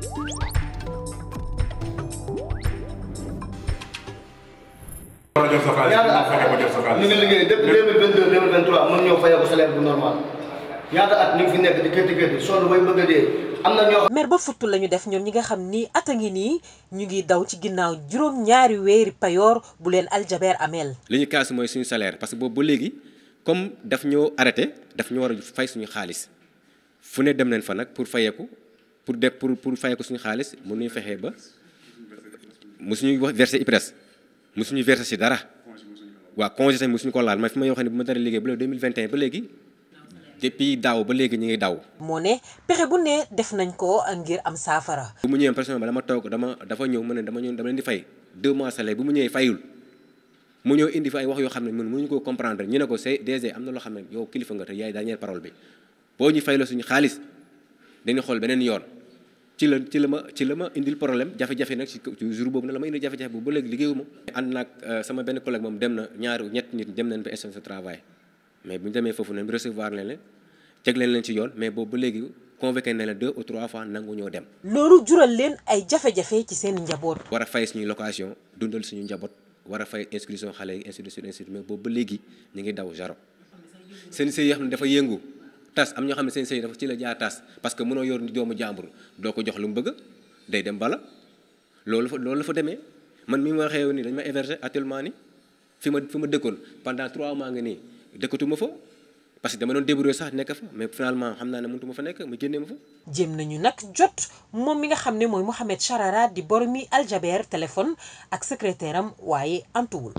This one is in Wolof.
rajo mer ba futt lañu def ñoom ñi nga xam ni at a ngi nii ñu ngi daw ci ginnaaw juróom ñaari weeri payoor bu leen aljaber ameel li ñu kaas mooy suñu salaire parce que boobu ba léegi comme daf ñoo arrêté daf ñu war a fay suñu xaalis fu ne dem nañ fa nag pour fayeeku pour pour pour fay ko suñu xaalis mënuñu fexee ba mosuñu wax verser IPRES mosuñu verser si dara waaw congé tamit mosuñu ko laal man fi may wax ne bu ma dara liggéey ba léegi 2021 ba léegi depuis daaw ba léegi ñu ngi daw moo ne pexe bu ne def nañ ko ngir am saafara. bu mu ñëwee personnel ba dama toog dama dafa ñëw mu ne dama ñëw dama leen fay deux mois bu mu ñëwee fayul mu ñëw indi fi ay wax yoo xam ne mun mënuñu ko comprendre ñu ne ko c'est DG am na loo xam ne yow kilifa nga te yaay dernière parole bi boo ñu fayloo suñu xaalis dañuy xool beneen yoon. ci la ci la ma ci la ma indil problème jafe-jafe nag ci jour boobu na la ma indil jafe-jafe boobu ba léegi liggéeyuma ànd naag euh, sama benn collègue moom dem na ñaari ñett nit dem nañ ba instance de travail mais bu ñu demee foofu nañ recevoir leen leen teg leen leen ci yoon mais boobu ba léegi convoqué na la deux ou trois fois nangu dem loolu jural leen ay jafe-jafe ci seen njaboot war a fay suñuy location dundal suñu njaboot war a fay inscription xale yi ainsi de suite mais boobu ba léegi ñu ngi daw jaro seen sëy yoo xam dafa yëngu tas am ñoo xam ne seen sëy dafa ci la jaar tas parce que mënoo yor doomu jàmbur doo ko jox lu mu bëgg day dem bala loolu fa loolu la fa demee man mi ma waxee nii dañ ma héberger actuellement ni fi ma fi ma dëkkoon pendant trois mois nga nii dëkkatuma fa parce que dama doon débrouiller sax nekk fa mais finalement xam naa ne ma fa nekk mu génnee ma fa. jéem nañu nag jot moom mi nga xam ne mooy Mouhamed Charara di boromi Aljaber téléphone ak secrétaire am waaye antuwul.